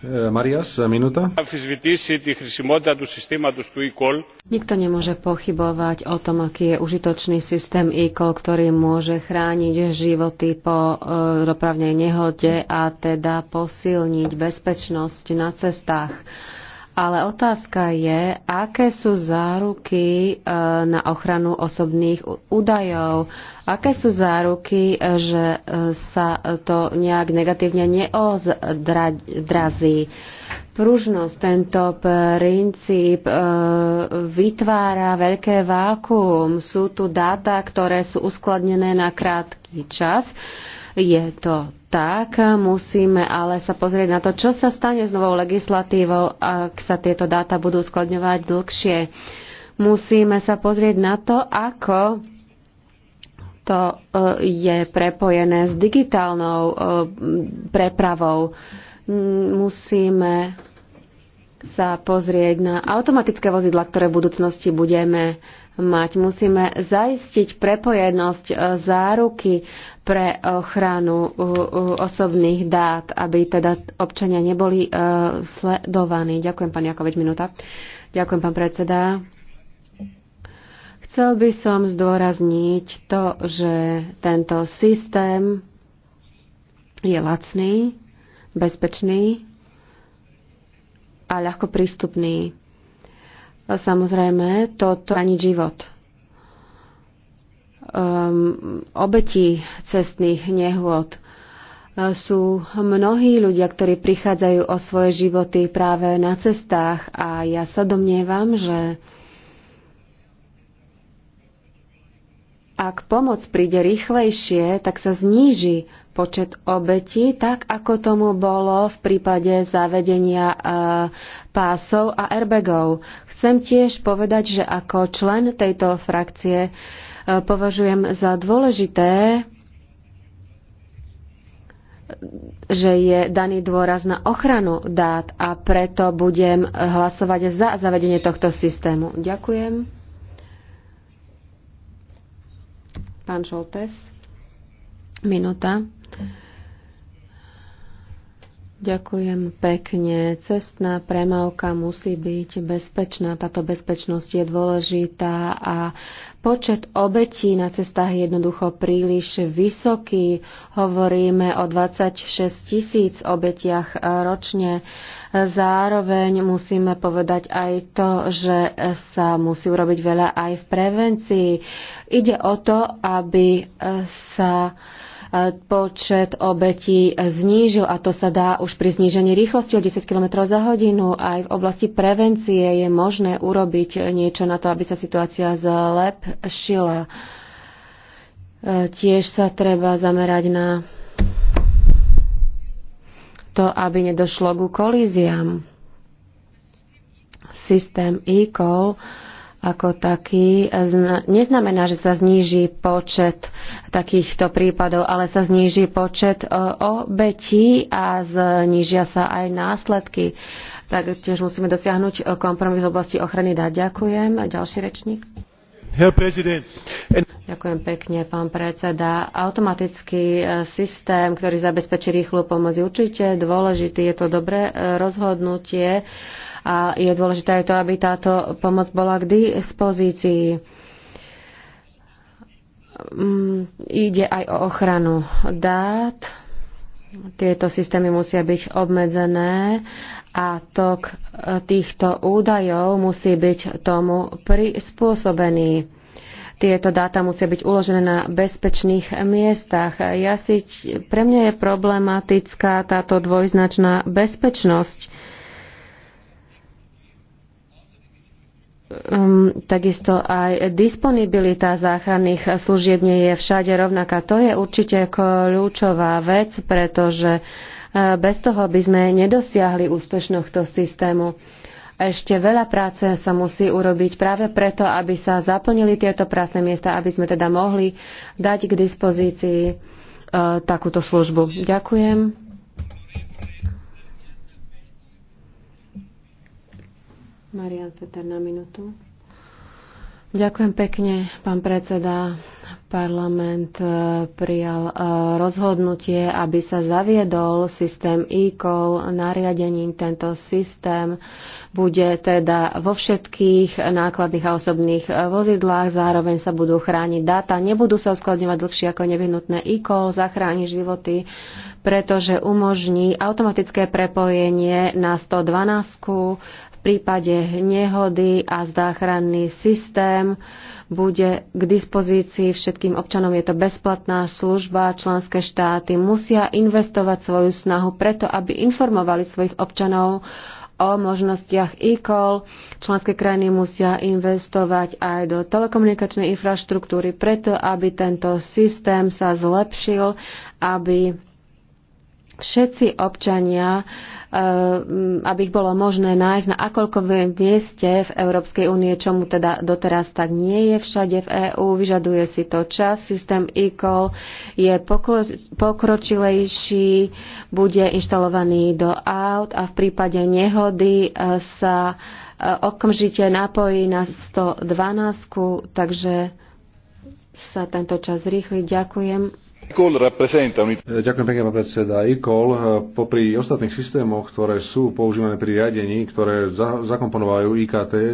Eh, Marias, minúta. Nikto nemôže pochybovať o tom, aký je užitočný systém e-call, ktorý môže chrániť životy po eh, dopravnej nehode a teda posilniť bezpečnosť na cestách. Ale otázka je, aké sú záruky e, na ochranu osobných údajov, aké sú záruky, e, že e, sa to nejak negatívne neozdrazí? Pružnosť, tento princíp vytvára veľké vákuum. Sú tu dáta, ktoré sú uskladnené na krátky čas. Je to tak, musíme ale sa pozrieť na to, čo sa stane s novou legislatívou, ak sa tieto dáta budú skladňovať dlhšie. Musíme sa pozrieť na to, ako to e, je prepojené s digitálnou e, prepravou. Musíme sa pozrieť na automatické vozidla, ktoré v budúcnosti budeme mať. Musíme zaistiť prepojenosť e, záruky pre ochranu osobných dát, aby teda občania neboli e, sledovaní. Ďakujem, pani Jakoveď, minúta. Ďakujem, pán predseda. Chcel by som zdôrazniť to, že tento systém je lacný, bezpečný a ľahko prístupný. Samozrejme, toto ani život. Um, obeti cestných nehôd sú mnohí ľudia, ktorí prichádzajú o svoje životy práve na cestách a ja sa domnievam, že ak pomoc príde rýchlejšie, tak sa zníži počet obetí, tak ako tomu bolo v prípade zavedenia e, pásov a airbagov. Chcem tiež povedať, že ako člen tejto frakcie e, považujem za dôležité, že je daný dôraz na ochranu dát a preto budem hlasovať za zavedenie tohto systému. Ďakujem. Pán Šoltes, minúta. Ďakujem pekne. Cestná premávka musí byť bezpečná. Táto bezpečnosť je dôležitá a počet obetí na cestách je jednoducho príliš vysoký. Hovoríme o 26 tisíc obetiach ročne. Zároveň musíme povedať aj to, že sa musí urobiť veľa aj v prevencii. Ide o to, aby sa počet obetí znížil a to sa dá už pri znížení rýchlosti o 10 km za hodinu. Aj v oblasti prevencie je možné urobiť niečo na to, aby sa situácia zlepšila. E, tiež sa treba zamerať na to, aby nedošlo ku kolíziám. Systém e-call ako taký neznamená, že sa zníži počet takýchto prípadov, ale sa zníži počet e, obetí a znížia sa aj následky. Tak tiež musíme dosiahnuť e, kompromis v oblasti ochrany dát. Ďakujem. A ďalší rečník. Ďakujem pekne, pán predseda. Automatický e, systém, ktorý zabezpečí rýchlu pomoc, je určite dôležitý. Je to dobré e, rozhodnutie a je dôležité aj to, aby táto pomoc bola k dispozícii. Mm, ide aj o ochranu dát. Tieto systémy musia byť obmedzené a tok e, týchto údajov musí byť tomu prispôsobený tieto dáta musia byť uložené na bezpečných miestach. Ja si, pre mňa je problematická táto dvojznačná bezpečnosť. Um, takisto aj disponibilita záchranných služieb nie je všade rovnaká. To je určite kľúčová vec, pretože eh, bez toho by sme nedosiahli úspešnosť toho systému. Ešte veľa práce sa musí urobiť práve preto, aby sa zaplnili tieto prázdne miesta, aby sme teda mohli dať k dispozícii e, takúto službu. Ďakujem. Marian Peter na minútu. Ďakujem pekne, pán predseda. Parlament e, prijal e, rozhodnutie, aby sa zaviedol systém e-call nariadením. Tento systém bude teda vo všetkých nákladných a osobných e, vozidlách, zároveň sa budú chrániť dáta, nebudú sa uskladňovať dlhšie ako nevyhnutné e-call, zachráni životy, pretože umožní automatické prepojenie na 112 v prípade nehody a záchranný systém bude k dispozícii všetkým občanom. Je to bezplatná služba, členské štáty musia investovať svoju snahu preto, aby informovali svojich občanov o možnostiach e-call. Členské krajiny musia investovať aj do telekomunikačnej infraštruktúry preto, aby tento systém sa zlepšil, aby všetci občania uh, aby ich bolo možné nájsť na akoľkovom mieste v Európskej únie, čomu teda doteraz tak nie je všade v EÚ. Vyžaduje si to čas. Systém e je pokročilejší, bude inštalovaný do aut a v prípade nehody e, sa e, okamžite napojí na 112, takže sa tento čas rýchli. Ďakujem. E, ďakujem pekne, pán predseda. E, popri ostatných systémoch, ktoré sú používané pri riadení, ktoré za, zakomponovajú IKT e,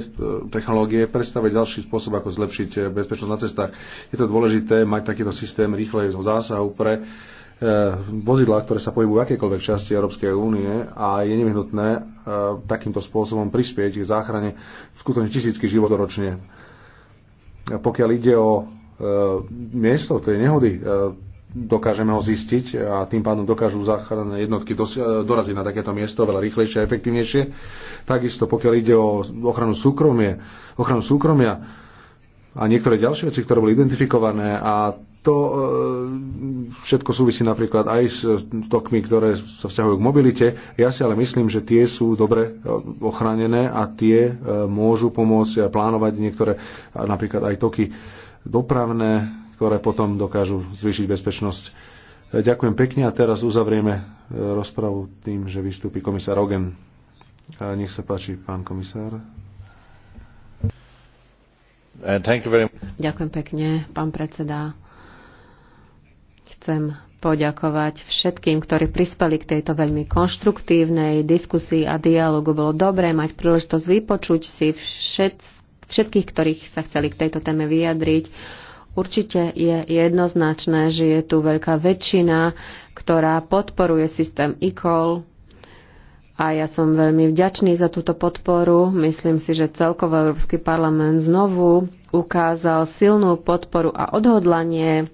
technológie, predstavuje ďalší spôsob, ako zlepšiť bezpečnosť na cestách. Je to dôležité mať takýto systém rýchlej zásahu pre vozidlá, ktoré sa pohybujú v akékoľvek časti Európskej únie a je nevyhnutné takýmto spôsobom prispieť k záchrane skutočne tisícky životov ročne. Pokiaľ ide o miesto tej nehody, dokážeme ho zistiť a tým pádom dokážu záchranné jednotky doraziť na takéto miesto veľa rýchlejšie a efektívnejšie. Takisto pokiaľ ide o ochranu súkromie, ochranu súkromia a niektoré ďalšie veci, ktoré boli identifikované a to e, všetko súvisí napríklad aj e, s tokmi, ktoré sa vzťahujú k mobilite. Ja si ale myslím, že tie sú dobre e, ochránené a tie môžu pomôcť plánovať niektoré napríklad aj toky dopravné, ktoré potom dokážu zvýšiť bezpečnosť. E, ďakujem pekne a teraz uzavrieme e, rozpravu tým, že vystúpi komisár Ogen. A nech sa páči, pán komisár. E, ďakujem pekne, pán predseda. Chcem poďakovať všetkým, ktorí prispeli k tejto veľmi konštruktívnej diskusii a dialogu. Bolo dobré mať príležitosť vypočuť si všet, všetkých, ktorých sa chceli k tejto téme vyjadriť Určite je jednoznačné, že je tu veľká väčšina, ktorá podporuje systém ICOL a ja som veľmi vďačný za túto podporu. Myslím si, že celkovo Európsky parlament znovu ukázal silnú podporu a odhodlanie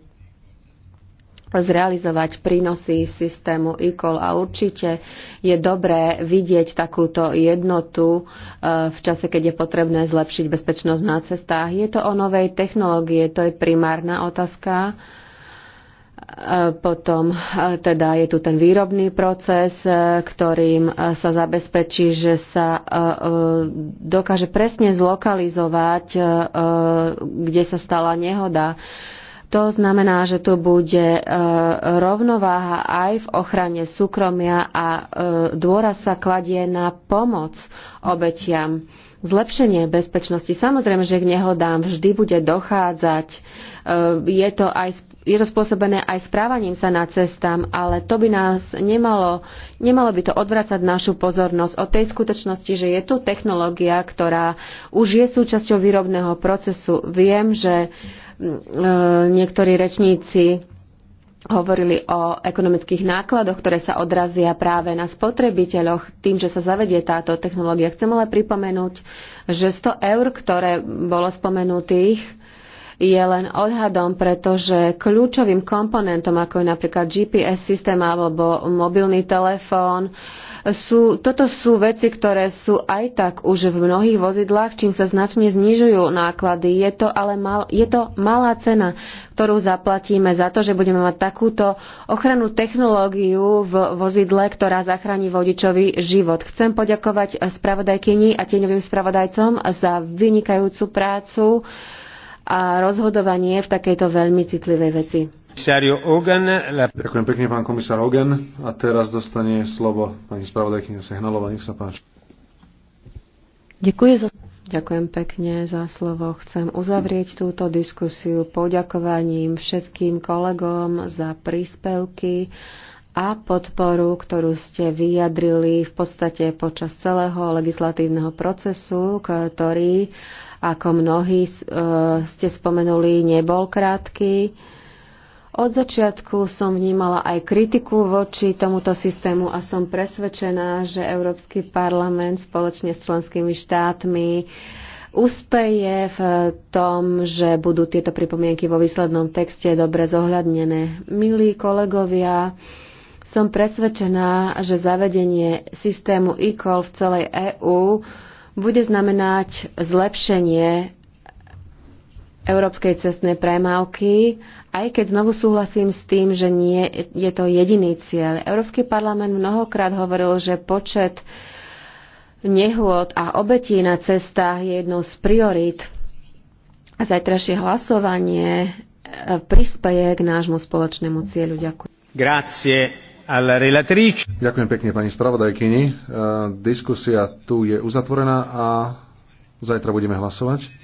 zrealizovať prínosy systému ICOL a určite je dobré vidieť takúto jednotu e, v čase, keď je potrebné zlepšiť bezpečnosť na cestách. Je to o novej technológie, to je primárna otázka. E, potom e, teda je tu ten výrobný proces, ktorým sa zabezpečí, že sa dokáže presne zlokalizovať, kde sa stala nehoda to znamená, že tu bude e, rovnováha aj v ochrane súkromia a e, dôraz sa kladie na pomoc obetiam. Zlepšenie bezpečnosti. Samozrejme, že k nehodám vždy bude dochádzať. E, je to, aj, je to spôsobené aj správaním sa na cestám, ale to by nás nemalo, nemalo by to odvracať našu pozornosť od tej skutočnosti, že je tu technológia, ktorá už je súčasťou výrobného procesu. Viem, že uh, E, niektorí rečníci hovorili o ekonomických nákladoch, ktoré sa odrazia práve na spotrebiteľoch tým, že sa zavedie táto technológia. Chcem ale pripomenúť, že 100 eur, ktoré bolo spomenutých, je len odhadom, pretože kľúčovým komponentom, ako je napríklad GPS systém alebo mobilný telefón, uh, sú, toto sú veci, ktoré sú aj tak už v mnohých vozidlách, čím sa značne znižujú náklady. Je to ale mal, je to malá cena, ktorú zaplatíme za to, že budeme mať takúto ochranu technológiu v vozidle, ktorá zachráni vodičovi život. Chcem poďakovať spravodajkyni a tieňovým spravodajcom za vynikajúcu prácu a rozhodovanie v takejto veľmi citlivej veci. Ďakujem pekne, pán komisár Ogen. A teraz dostane slovo pani spravodajkyňa Sehnalova. Nech sa páči. Ďakujem, za, ďakujem pekne za slovo. Chcem uzavrieť túto diskusiu poďakovaním všetkým kolegom za príspevky a podporu, ktorú ste vyjadrili v podstate počas celého legislatívneho procesu, ktorý, ako mnohí e, ste spomenuli, nebol krátky od začiatku som vnímala aj kritiku voči tomuto systému a som presvedčená, že Európsky parlament spoločne s členskými štátmi úspeje v tom, že budú tieto pripomienky vo výslednom texte dobre zohľadnené. Milí kolegovia, som presvedčená, že zavedenie systému e v celej EÚ bude znamenať zlepšenie európskej cestnej premávky, aj keď znovu súhlasím s tým, že nie je to jediný cieľ. Európsky parlament mnohokrát hovoril, že počet nehôd a obetí na cestách je jednou z priorít. A zajtrajšie hlasovanie e, prispeje k nášmu spoločnému cieľu. Ďakujem. Grazie. Ďakujem pekne pani spravodajkyni. E, diskusia tu je uzatvorená a zajtra budeme hlasovať.